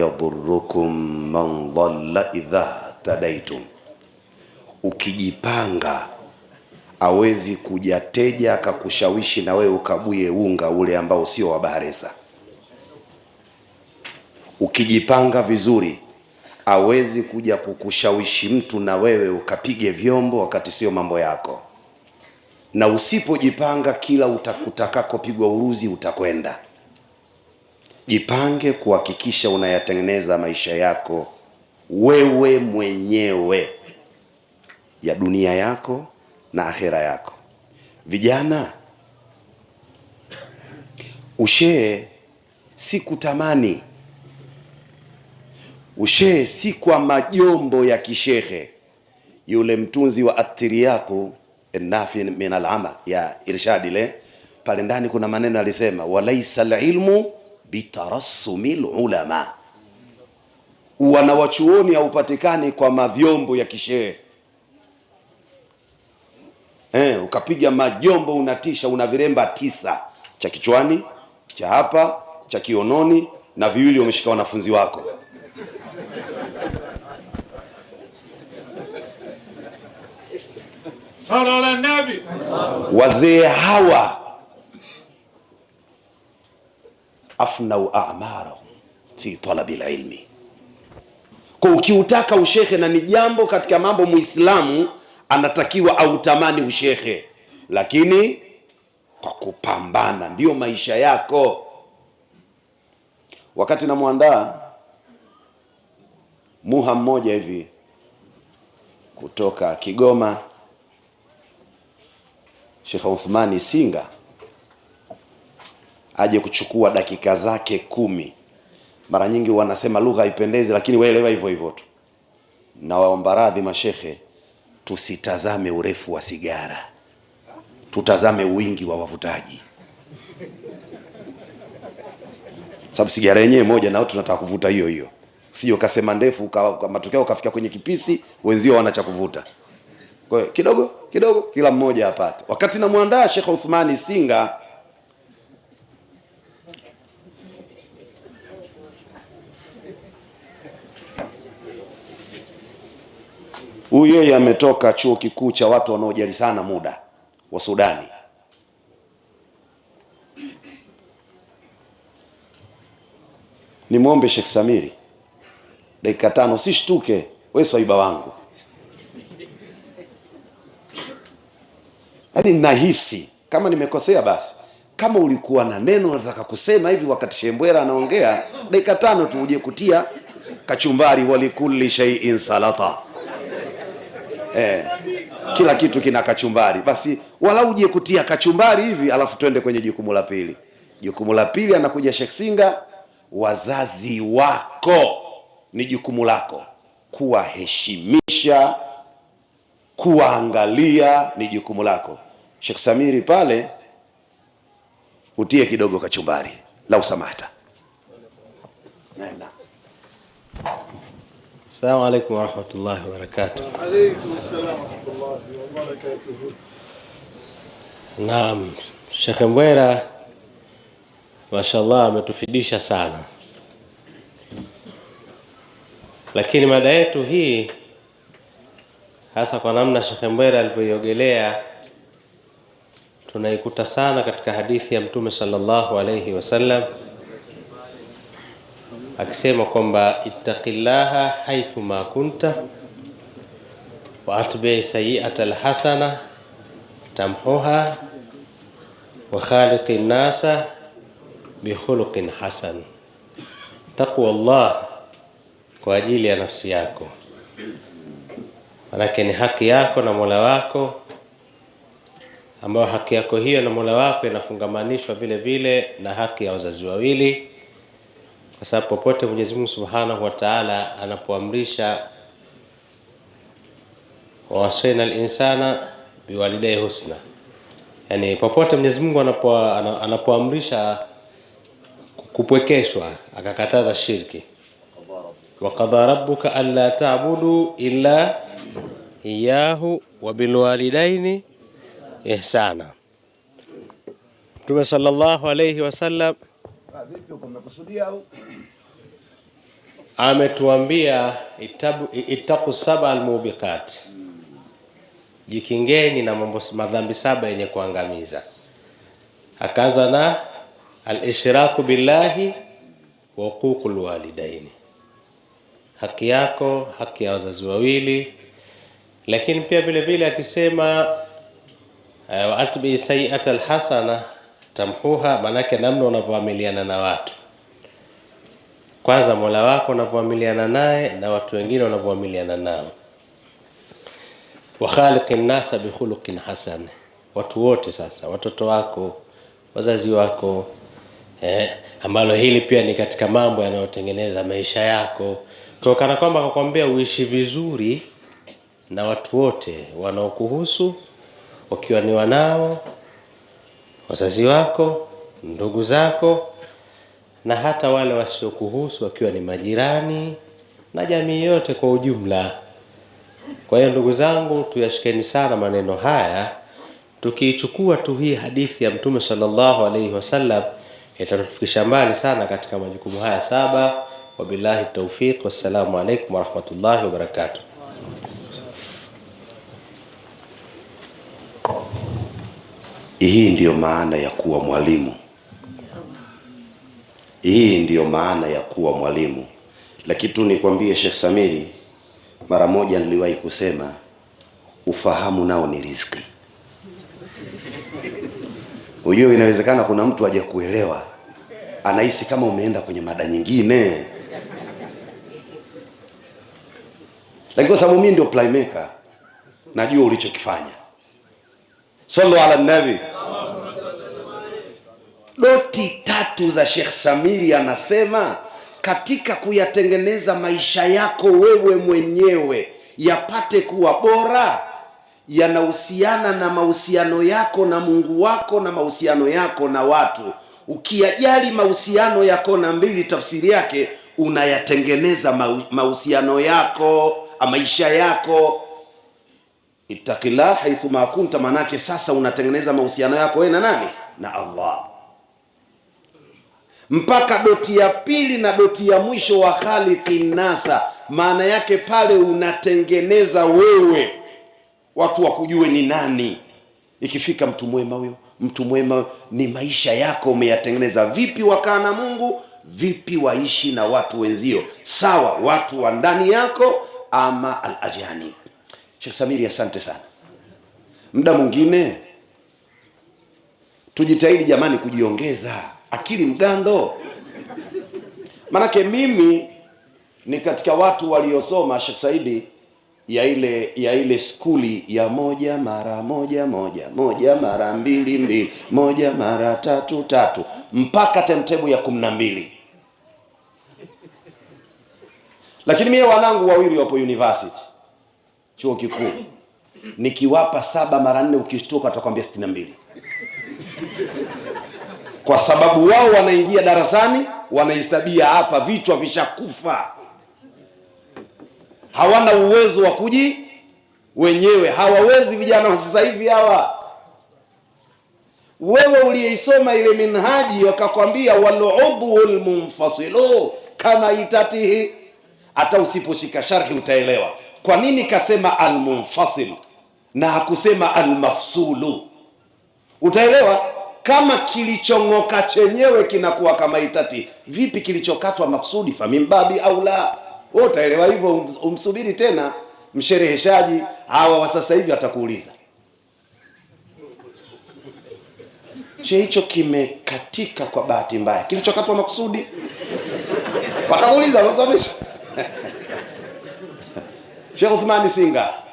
Yadhurukum man dhalla idha tadaitum, ukijipanga awezi kuja teja akakushawishi na wewe ukabuye unga ule ambao sio wa baharesa. Ukijipanga vizuri awezi kuja kukushawishi mtu na wewe ukapige vyombo wakati sio mambo yako, na usipojipanga kila pigwa uruzi utakwenda. Jipange kuhakikisha unayatengeneza maisha yako wewe mwenyewe ya dunia yako na akhera yako. Vijana, ushee si kutamani, ushee si kwa majombo ya kishehe. Yule mtunzi wa atiriyaku nafi min alama ya Irshadi, le pale ndani kuna maneno alisema, walaisa alilmu bitarassumil ulama, uwana haupatikani kwa mavyombo ya kishehe eh, ukapiga majombo unatisha, una viremba tisa, cha kichwani, cha hapa, cha kiononi na viwili umeshika wanafunzi wako wazee hawa afnau amarahum fi talabi lilmi. Kwa ukiutaka ushehe, na ni jambo katika mambo muislamu anatakiwa autamani ushehe, lakini kwa kupambana, ndiyo maisha yako. Wakati namwandaa muha mmoja hivi kutoka Kigoma, Shekh Uthmani Singa aje kuchukua dakika zake kumi. Mara nyingi wanasema lugha haipendezi, lakini waelewa hivyo hivyo tu. Na waomba radhi mashehe, tusitazame urefu wa sigara, tutazame wingi wa wavutaji, sababu sigara yenyewe moja na tunataka kuvuta hiyo hiyo, sio ukasema ndefu, matokeo kafika kwenye kipisi, wenzio wana cha kuvuta. Kwa hiyo kidogo kidogo, kila mmoja apate. Wakati namwandaa Sheikh Uthmani Singa Huyu yeye ametoka chuo kikuu cha watu wanaojali sana muda wa Sudani. Nimwombe Sheikh Samiri dakika tano, shtuke we swaiba wangu, yaani nahisi kama nimekosea basi kama ulikuwa na neno unataka kusema hivi wakati Shembwera anaongea dakika tano tu, uje kutia kachumbari, walikuli shay'in salata eh, kila kitu kina kachumbari. Basi wala uje kutia kachumbari hivi, alafu twende kwenye jukumu la pili. Jukumu la pili anakuja Sheikh Singa, wazazi wako ni jukumu lako, kuwaheshimisha kuwaangalia ni jukumu lako. Sheikh Samiri pale utie kidogo kachumbari, usamata. samahata. Assalamu alaikum warahmatullahi wabarakatuh. Wa alaikum assalam warahmatullahi wabarakatuh. Naam, Sheikh Mbwera mashallah ametufidisha sana, lakini mada yetu hii hasa kwa namna Sheikh Mbwera alivyoiogelea tunaikuta sana katika hadithi ya Mtume sallallahu alayhi wasallam akisema kwamba ittaqillaha haithu ma kunta wa atbi sayiata alhasana tamhuha wa khaliqi nasa khuluqin hasan. Taqwa Allah kwa ajili ya nafsi yako, manake ni haki yako na Mola wako, ambayo haki yako hiyo na Mola wako inafungamanishwa vile vile na haki ya wazazi wawili kwa sababu popote Mwenyezi Mungu Subhanahu wa Ta'ala anapoamrisha wawasaina al-insana biwalidayhi husna, yani popote Mwenyezi Mungu anapo anapoamrisha kupwekeshwa, akakataza shirki. wa qadha rabbuka alla ta'budu illa iyahu wa bilwalidaini ihsana. Mtume sallallahu alayhi wasallam vipi uko mmekusudia au? Ametuambia itaku saba almubiqat, jikingeni na mambo madhambi saba yenye kuangamiza. Akaanza na alishraku billahi wa huququ lwalidaini, haki yako, haki ya wazazi wawili. Lakini pia vile vile akisema eh, atbi sayiata alhasana Tamhuha maanake namna unavyoamiliana na watu, kwanza mola wako unavyoamiliana naye na watu wengine wanavyoamiliana nao. Wakhaliqi nnasa bikhuluqin hasan, watu wote sasa, watoto wako, wazazi wako eh, ambalo hili pia ni katika mambo yanayotengeneza maisha yako, kana kwamba akakwambia uishi vizuri na watu wote wanaokuhusu, wakiwa ni wanao wazazi wako, ndugu zako, na hata wale wasiokuhusu wakiwa ni majirani na jamii yote kwa ujumla. Kwa hiyo ndugu zangu, tuyashikeni sana maneno haya. Tukiichukua tu hii hadithi ya Mtume sallallahu alaihi wasallam itatufikisha mbali sana katika majukumu haya saba. Wabillahi taufiq, wassalamu alaikum warahmatullahi wabarakatuh. Hii ndiyo maana ya kuwa mwalimu. Hii ndiyo maana ya kuwa mwalimu. Lakini tu nikwambie, Sheikh Samiri, mara moja niliwahi kusema ufahamu nao ni riziki. Ujue inawezekana kuna mtu aje kuelewa, anahisi kama umeenda kwenye mada nyingine, lakini kwa sababu mimi ndio playmaker, najua ulichokifanya Sallu ala nabi. Loti tatu za Sheikh Samiri anasema katika kuyatengeneza maisha yako wewe mwenyewe yapate kuwa bora, yanahusiana na mahusiano yako na Mungu wako na mahusiano yako na watu. Ukiyajali mahusiano yako na mbili, tafsiri yake unayatengeneza mahusiano yako, maisha yako ittaqillah haithu ma kunta, manake sasa unatengeneza mahusiano yako wewe na nani? Na Allah. Mpaka doti ya pili na doti ya mwisho wa khaliqi nasa, maana yake pale unatengeneza wewe watu wakujue ni nani. Ikifika mtu mwema huyo, mtu mwema ni maisha yako umeyatengeneza vipi, wakaa na Mungu vipi, waishi na watu wenzio, sawa watu wa ndani yako ama al ajani Sheikh Samiri, asante sana. Muda mwingine tujitahidi jamani, kujiongeza akili mgando, manake mimi ni katika watu waliosoma Sheikh Saidi ya ile ya ile skuli ya moja mara moja moja moja mara mbili mbili moja mara tatu tatu mpaka tentebu ya kumi na mbili. Lakini mie wanangu wawili wapo university chuo kikuu, nikiwapa saba mara nne, ukishtuka utakwambia sitini na mbili kwa sababu wao wanaingia darasani wanahesabia hapa, vichwa vishakufa, hawana uwezo wa kuji wenyewe hawawezi. Vijana wa sasa hivi hawa, wewe uliyeisoma ile minhaji, wakakwambia waludhu lmunfasilu kama itatihi hata usiposhika sharhi utaelewa kwa nini kasema almunfasil na hakusema almafsulu. Utaelewa kama kilichong'oka chenyewe kinakuwa kama itati, vipi kilichokatwa maksudi famimbabi au la? Wewe utaelewa hivyo, um, umsubiri tena mshereheshaji. Hawa wa sasa hivi atakuuliza che, hicho kimekatika kwa bahati mbaya, kilichokatwa maksudi, watakuuliza wasomesha Sheikh Uthmani Singa